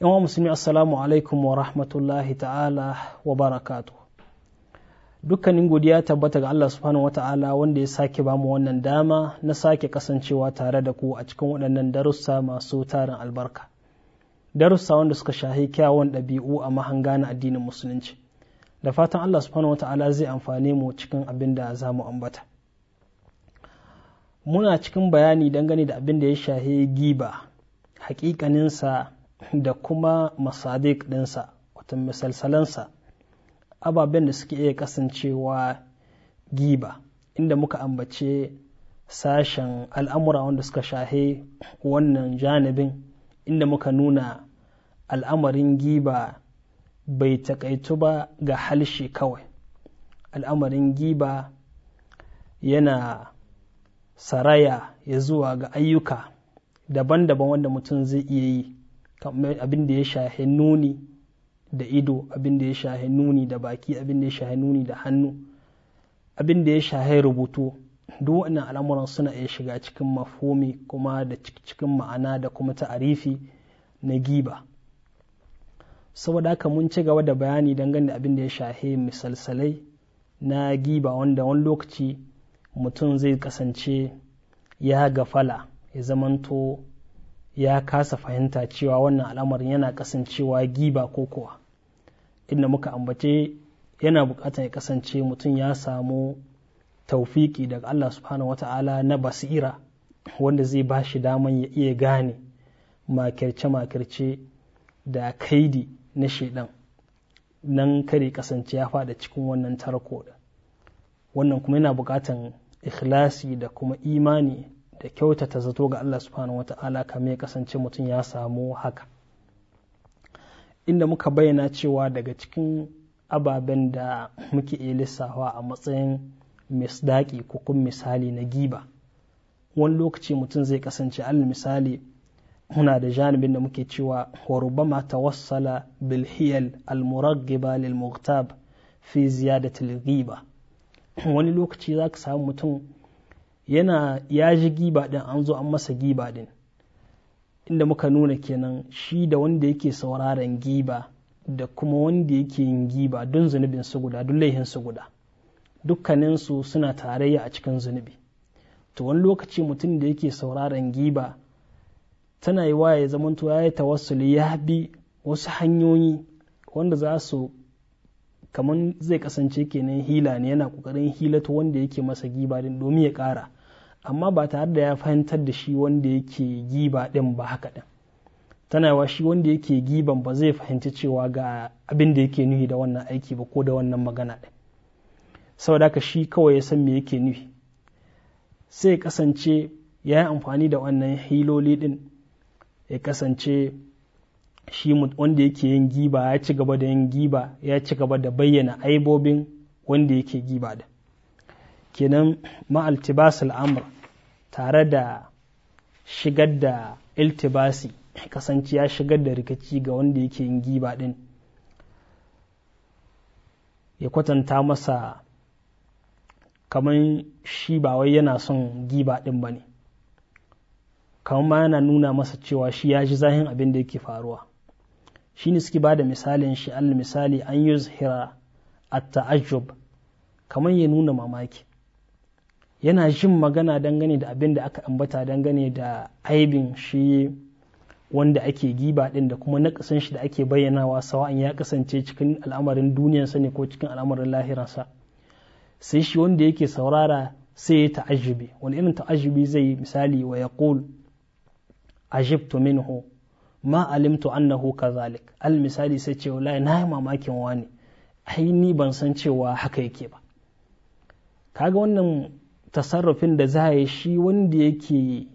yawan musulmi assalamu alaikum wa rahmatullahi ta'ala wa barakatu dukkanin godiya tabbata ga Allah subhanahu wa ta'ala wanda ya sake bamu wannan dama na sake kasancewa tare da ku a cikin waɗannan darussa masu tarin albarka darussa wanda suka shahi kyawun ɗabi'u a mahanga na addinin musulunci da fatan Allah subhanahu wa ta'ala zai amfane mu cikin abin da za mu ambata muna cikin bayani dangane da abin da ya shahi giba hakikaninsa da kuma masadik ɗinsa wata misalsalansa ababen da suke iya kasancewa giba inda muka ambace sashen al'amura wanda suka shahe wannan janibin inda muka nuna al'amarin giba bai taƙaitu ba ga halshe kawai al'amarin giba yana saraya ya zuwa ga ayyuka daban-daban wanda mutum zai iya yi abin da ya shahe nuni da ido abin da ya shahe nuni da baki abin da ya shahe nuni da hannu abin da ya shahe rubutu duk wannan al'amuran suna iya shiga cikin mafomi kuma da cikin ma'ana da kuma ta'arifi na giba saboda haka mun ci gaba da bayani dangane da abin da ya shahe misalsalai na giba wanda wani lokaci mutum zai kasance ya gafala ya zamanto ya kasa fahimta cewa wannan al'amarin yana kasancewa giba ko kuwa inda muka ambace yana bukatar ya kasance mutum ya samu taufiki daga Allah subhanahu wata'ala na basira wanda zai ba shi daman ya iya gane makirce-makirce da kaidi na shaidan nan kare kasance ya fada cikin wannan tarko wannan kuma yana bukatan ikhlasi da kuma imani da kyautata zato ga Allah subhanahu wata'ala kamar ya kasance mutum ya samu haka inda muka bayyana cewa daga cikin ababen da muke iya lissawa a matsayin misdaki ko kuma misali na giba wani lokaci mutum zai kasance al misali muna da janibin da muke cewa wa rubama tawassala bil hiyal al muraggiba lil mughtab fi ziyadati al wani lokaci zaka samu mutum yana ya ji giba din an zo an masa giba din inda muka nuna kenan shi da wanda yake sauraron giba da kuma wanda yake yin giba don zunubin su guda don laihin su guda dukkaninsu suna tarayya a cikin zunubi to wani lokaci mutum da yake sauraron giba tana yi wa ya to ya yi tawassuli ya bi wasu hanyoyi wanda za su kamar zai kasance kenan hila ne yana kokarin hilato wanda yake masa giba din domin ya kara amma ba tare da ya fahimtar da shi wanda yake giba din ba haka din tana yawa shi wanda yake giban ba zai fahimci cewa ga abin da yake nuhi da wannan aiki ba ko da wannan magana din saboda haka shi kawai ya san me yake nuhi sai ya kasance ya yi amfani da wannan hiloli din ya kasance shi wanda yake yin giba ya ci gaba da yin giba ya ci gaba da bayyana aibobin wanda yake giba da kenan ma'altibas amr tare da shigar da iltibasi kasance ya shigar da rikici ga wanda yake yin giba din ya kwatanta masa kamar shi ba wai yana son giba din ba ne kamar ma yana nuna masa cewa shi ya ji zahin abin da yake faruwa shi ne suke ba da misalin shi al misali an yi zahira a ta'ajjub kamar ya nuna mamaki yana jin magana dangane da abin da aka ambata dangane da aibin shi wanda ake giba din da kuma nakasan shi da ake bayyanawa sawa'an ya kasance cikin al'amarin duniyarsa ne ko cikin al'amarin lahiransa sai shi wanda yake saurara sai ya ta'ajibi wani irin ta'ajibi zai misali wa yaqul ajibtu minhu ma alimtu annahu kazalik al misali sai ce wallahi na yi mamakin wani ai ni ban san cewa haka yake ba kaga wannan tasarrufin da za a yi shi wanda yake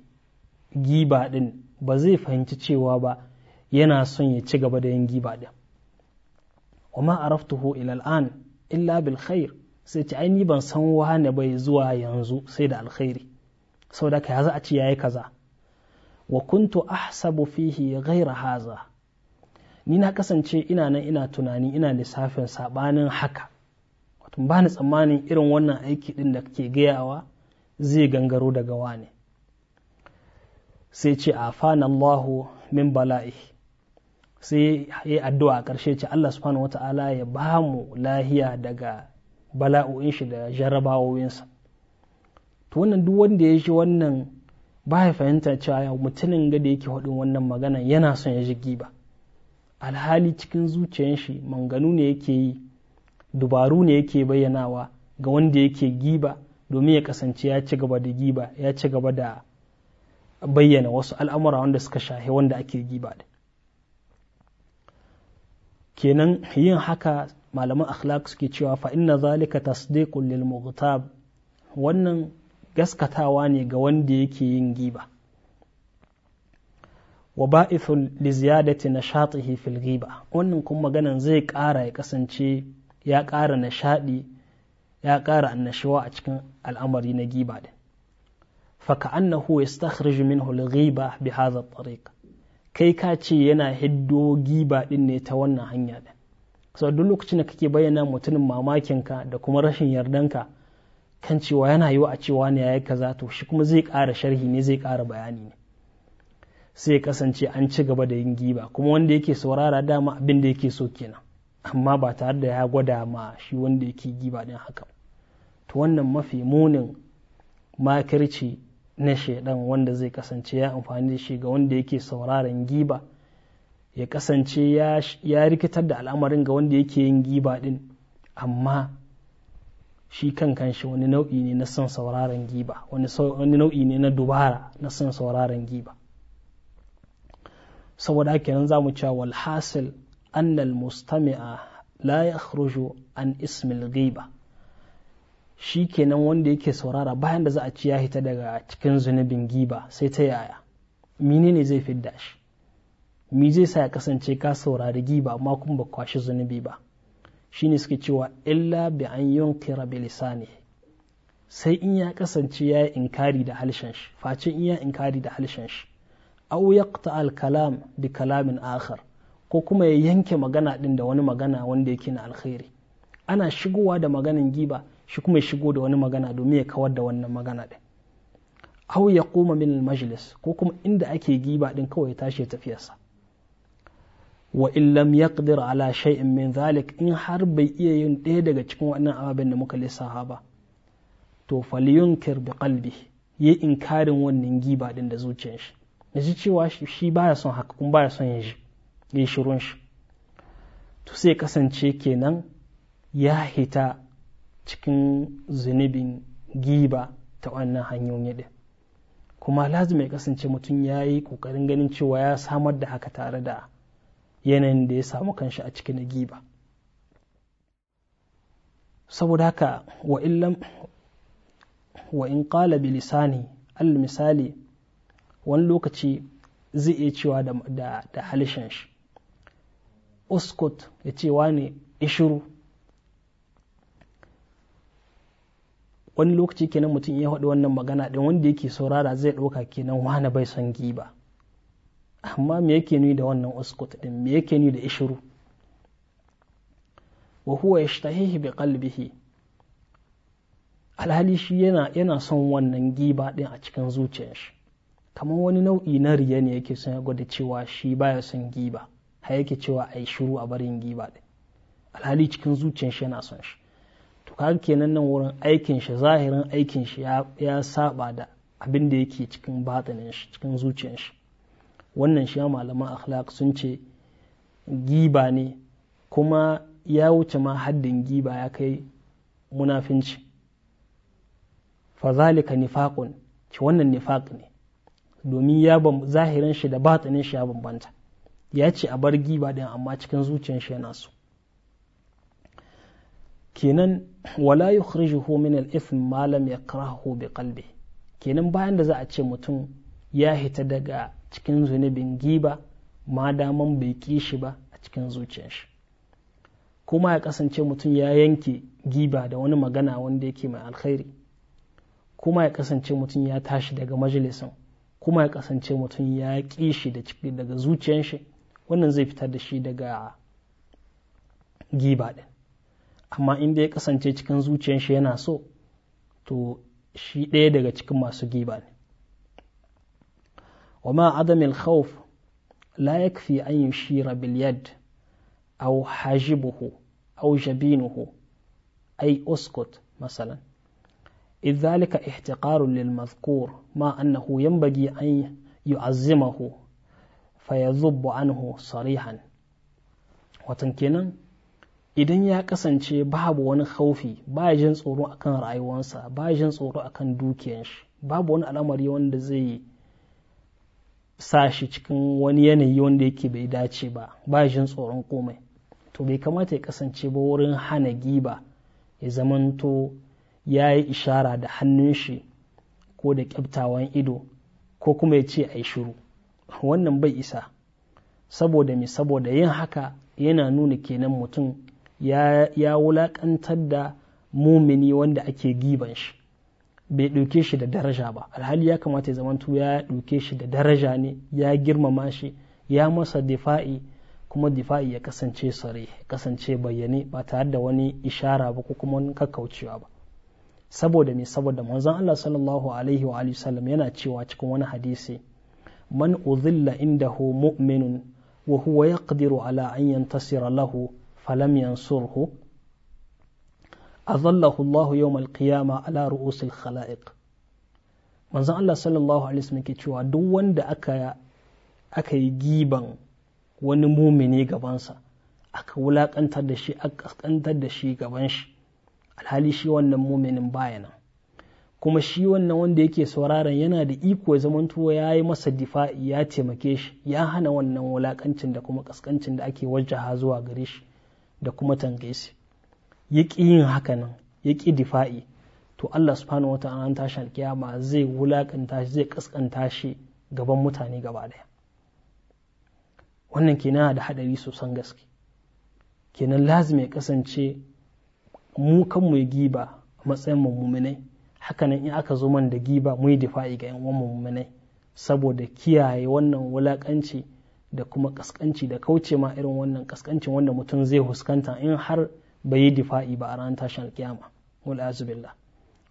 giba din, ba zai fahimci cewa ba yana son ya ci gaba da yin giba din. ɗin wama araftuhu ila al'an illa bil khair sai ce ni ban san wane bai zuwa yanzu sai da alkhairi saboda ka za a ce yayi kaza wa kuntu ahsabu fihi ghayra haza ni na kasance ina nan ina tunani ina lissafin sabanin haka tun ba ni tsammanin irin wannan aiki ɗin da kake gayawa zai gangaro daga wane sai ce fana Allahu min bala'i sai ya addu'a a ƙarshe ce Allah subhanahu ta’ala ya ba mu lahiya daga bala'o'in shi da jarrabawoyinsa to wannan duk wanda ya shi wannan ba ya fahimta cewa mutumin gada yake haɗin wannan magana yana son ya ji giba alhali cikin zuciyar shi manganu ne yake yi dubaru ne yake bayyanawa ga wanda yake giba domin ya kasance ya ci gaba da giba ya ci gaba da bayyana wasu al'amura wanda suka shahe wanda ake giba da kenan yin haka malaman akhlaq suke cewa fa inna zalika tasdiqun lil mughtab wannan gaskatawa ne ga wanda yake yin giba wa ba'ithun li ziyadati nashatihi fil ghiba wannan kuma maganan zai kara ya kasance ya ƙara nishaɗi ya ƙara annashuwa a cikin al'amari na giba din faka annahu yastakhrij minhu al-ghiba bi hadha at kai ka ce yana hiddo giba din ne ta wannan hanya din so duk lokacin da kake bayyana mutumin mamakin ka da kuma rashin yardan ka. kan cewa yana yiwa a cewa ne yayi kaza to shi kuma zai ƙara sharhi ne zai ƙara bayani ne sai kasance an ci gaba da yin giba kuma wanda yake saurara dama abinda yake so kenan amma ba tare da ya gwada ma shi wanda yake giba din haka to wannan mafi munin makirci na shaidan wanda zai kasance ya amfani da shi ga wanda yake sauraron giba ya kasance ya rikitar da al'amarin ga wanda yake yin giba din amma shi kan kanshi wani nau'i ne na son sauraron giba wani nau'i ne na dubara na son sauraron giba saboda haka nan za mu cewa walhasil annal mustami'a لا يخرج an ismil الغيبة shi kenan wanda yake saurara bayan da za a ci ya hita daga cikin zunubin giba sai ta yaya ne zai fidda shi mi zai sa ya kasance ka saurari giba amma kuma ba kwashi zunubi ba shine suke cewa illa bi an yunkira bi lisani sai in ya kasance ya yi inkari da halshen shi face in ya inkari da halshen shi aw yaqta al kalam bi kalamin akhar ko kuma ya yanke magana ɗin da wani magana wanda yake na alkhairi ana shigowa da maganin giba shi kuma ya shigo da wani magana domin ya kawar da wannan magana ɗin aw ya koma min majlis ko kuma inda ake giba ɗin kawai ya tashi ya tafiyarsa wa in lam yaqdir ala shay'in min zalik in har bai iya yin ɗaya daga cikin waɗannan ababen da muka lissafa ba to falyunkir bi qalbi yi inkarin wannan giba ɗin da zuciyar shi ji cewa shi baya son haka kuma baya son yin shi gishirun shi to sai kasance kenan ya hita cikin zunubin giba ta wannan hanyoyi yadda kuma lazim ya kasance mutum ya yi kokarin ganin cewa ya samar da haka tare da yanayin da ya samu kanshi a cikin giba saboda haka wa illam wa in qala bi lisani al misali wani lokaci zai iya cewa da da, da halishin shi uskut ya ce wani ishiru wani lokaci kenan mutum ya haɗu wannan magana ɗin wanda yake saurara zai ɗauka kenan wane bai son giba amma me yake nuni da wannan uskut ɗin me yake nuni da ishiru wa huwa yashtahihi bi qalbihi alhali shi yana yana son wannan giba ɗin a cikin zuciyar shi kamar wani nau'i na riya ne yake son ya gwada cewa shi baya son giba har yake cewa ai shiru a barin giba din alhali cikin zuciyar shi yana son shi to kaga kenan nan wurin aikin shi zahirin aikin shi ya saba da abin da yake cikin batinin shi cikin zuciyar shi wannan shi ya malaman akhlaq sun ce giba ne kuma ya wuce ma haddin giba ya kai munafinci fa zalika nifaqun ci wannan nifaq ne domin ya zahirin shi da batanin shi ya bambanta ya ce a bar giba ɗin amma cikin zuciyar shi yana so kenan wala yukhrijuhu min al-ithm ma lam yakrahu bi qalbi kenan bayan da za a ce mutum ya hita daga cikin zunubin giba ma daman bai ki shi ba a cikin zuciyar shi kuma ya kasance mutum ya yanke giba da wani magana wanda yake mai alkhairi kuma ya kasance mutum ya tashi daga majalisin kuma ya kasance mutum ya kishi daga zuciyar shi wannan zai fitar da shi daga giba ɗin amma in dai ya kasance cikin zuciyar shi yana so to shi ɗaya daga cikin masu giba ne wa ma adamil khawf la yakfi an yushira bil yad aw hajibuhu aw jabinuhu ay uskut masalan إذ ذلك احتقار للمذكور ما أنه ينبغي أن يعزمه fa ya zubbu anhu sarihan watan kenan idan ya kasance babu wani haufi ba jin tsoro akan rayuwarsa ba jin tsoro akan dukiyar shi babu wani al'amari wanda zai sa shi cikin wani yanayi wanda yake bai dace ba ba jin tsoron komai to bai kamata ya kasance ba wurin hana giba ya zamanto ya yi ishara da hannun shi ko da kyaftawan ido ko kuma ya ce a yi shiru wannan bai isa saboda me saboda yin haka yana nuna kenan mutum ya, wulaƙantar da mumini wanda ake giban shi bai ɗauke shi da daraja ba alhali ya kamata ya zamantu ya ɗauke shi da daraja ne ya girmama shi ya masa difa'i kuma difa'i ya kasance sare kasance bayyane ba tare da wani ishara ba ko kuma kakkaucewa ba saboda me saboda manzon Allah sallallahu alaihi wa sallam yana cewa cikin wani hadisi man udhilla indahu mu'minun wa huwa yaqdiru ala an tasira lahu falam yansurhu azallahu Allah yawm al-qiyama ala ru'usil khala'iq manzon Allah sallallahu alaihi wasallam ke cewa duk wanda aka yi giban wani mumini gabansa aka wulakantar da shi gaban shi alhali shi wannan muminin baya nan kuma shi wannan wanda yake sauraron yana da iko ya zamanto ya yi masa difa'i ya taimake shi ya hana wannan wulakancin da kuma kaskancin da ake wajaha zuwa gare shi da kuma tanke shi ya ƙi yin hakanan ya ƙi difa'i to Allah subhanahu wata'ala an tashi alkiyama zai wulakanta shi zai kaskanta shi gaban mutane gaba daya wannan kenan da hadari sosan gaske kenan lazim ya kasance mu kanmu ya giba a matsayin mummunai hakanan in aka zo man da giba mu yi difa'i ga 'yan uwan mummunai saboda kiyaye wannan wulakanci da kuma kaskanci da kauce ma irin wannan kaskancin wanda mutum zai huskanta in har bai yi difa'i ba a ranar tashin alkiyama wal azubillah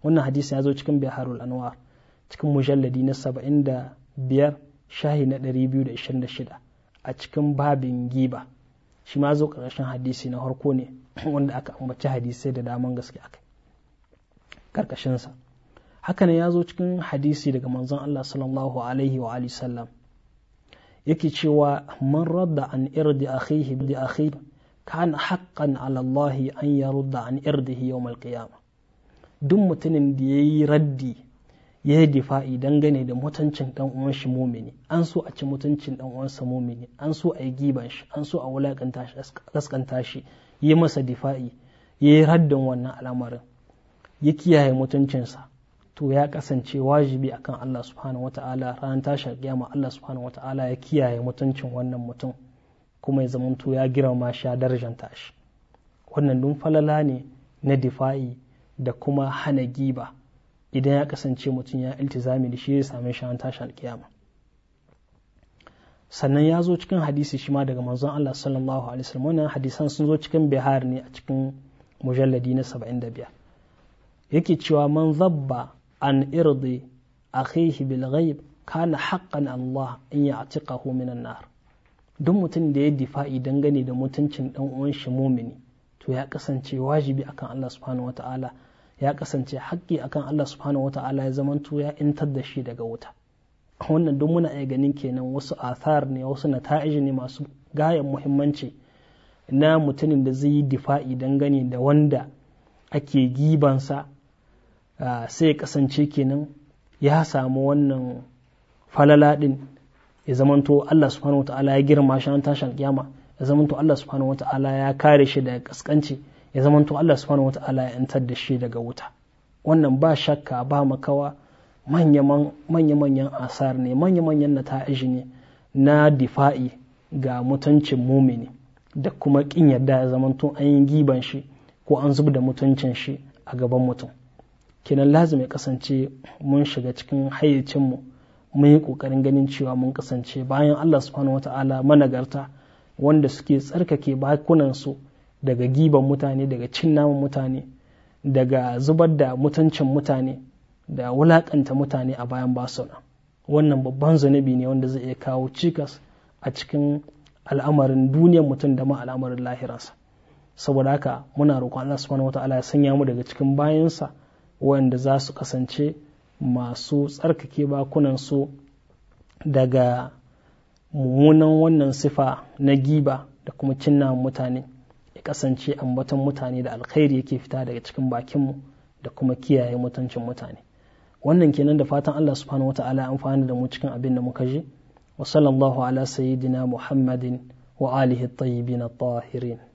wannan hadisi ya zo cikin biharul anwar cikin mujalladi na 75 shahi na shida a cikin babin giba shi ma zo ƙarshen hadisi na harko ne wanda aka ambaci hadisai da daman gaske akai karkashinsa haka ne ya zo cikin hadisi daga manzon Allah sallallahu alaihi wa alihi sallam yake cewa man radda an irdi akhihi bi akhi kan haqqan ala Allah an yarda an irdihi yawm al-qiyamah duk mutumin da yayi raddi ya yi difa'i dangane da mutuncin dan uwan shi mumini an so a ci mutuncin dan uwansa mumini an so a yi giban shi an so a wulakanta shi kaskanta shi yi masa difa'i yayi yi raddin wannan al'amarin ya kiyaye mutuncinsa to ya kasance wajibi akan Allah subhanahu wata'ala ranar tashar kiyama Allah subhanahu wata'ala ya kiyaye mutuncin wannan mutum kuma ya zamanto ya girma shi ya darajanta shi wannan dun falala ne na difa'i da kuma hana giba idan ya kasance mutum ya iltizami da shi ya sami shi ran tashar kiyama sannan ya zo cikin hadisi shi ma daga manzon Allah sallallahu alaihi wasallam wannan hadisan sun zo cikin bihar ne a cikin mujalladi na 75 yake cewa man zabba an irdi akhihi bil ghaib kana haqqan Allah in ya'tiqahu minan nar duk mutum da ya difa'i dangane da mutuncin dan uwan shi mumini to ya kasance wajibi akan Allah subhanahu wata'ala ya kasance haƙƙi akan Allah subhanahu wata'ala ya zama ya intar da shi daga wuta wannan duk muna iya ganin kenan wasu athar ne wasu nata'ij ne masu gayan muhimmanci na mutumin da zai yi difa'i dangane da wanda ake gibansa Ah, sai ya kasance kenan ya samu wannan falala din ya zamanto Allah subhanahu wata'ala ya girma shi an tashin kiyama ya zamanto Allah subhanahu wata'ala ya kare shi daga kaskanci ya zamanto Allah subhanahu wata'ala ya antar da shi daga wuta wannan ba shakka ba makawa manya-manyan asar ne manya-manyan nata'ij ne na difa'i ga mutuncin mumini da kuma kin yadda ya zamanto an yi giban shi ko an zub da mutuncin shi a gaban mutum kenan lazim ya kasance mun shiga cikin hayyacinmu mun yi ƙoƙarin ganin cewa mun kasance bayan Allah subhanahu wata'ala managarta wanda suke tsarkake bakunansu daga giban mutane daga cin naman mutane daga zubar da mutuncin mutane da wulaƙanta mutane a bayan basuna wannan babban zunubi ne wanda zai iya kawo cikas a cikin al'amarin duniyar mutum da ma al'amarin lahiransa saboda haka muna roƙon Allah subhanahu wata'ala ya sanya mu daga cikin bayansa wanda za su kasance masu tsarkake su daga mummunan wannan sifa na giba da kuma cinna mutane ya kasance ambaton mutane da alkhairi yake fita daga cikin bakinmu da kuma kiyaye mutuncin mutane wannan kenan da fatan Allah subhanahu wata'ala amfani da mu cikin abin da muka ji wa sallallahu ala sayyidina muhammadin wa alihi at-tayyibin tahirin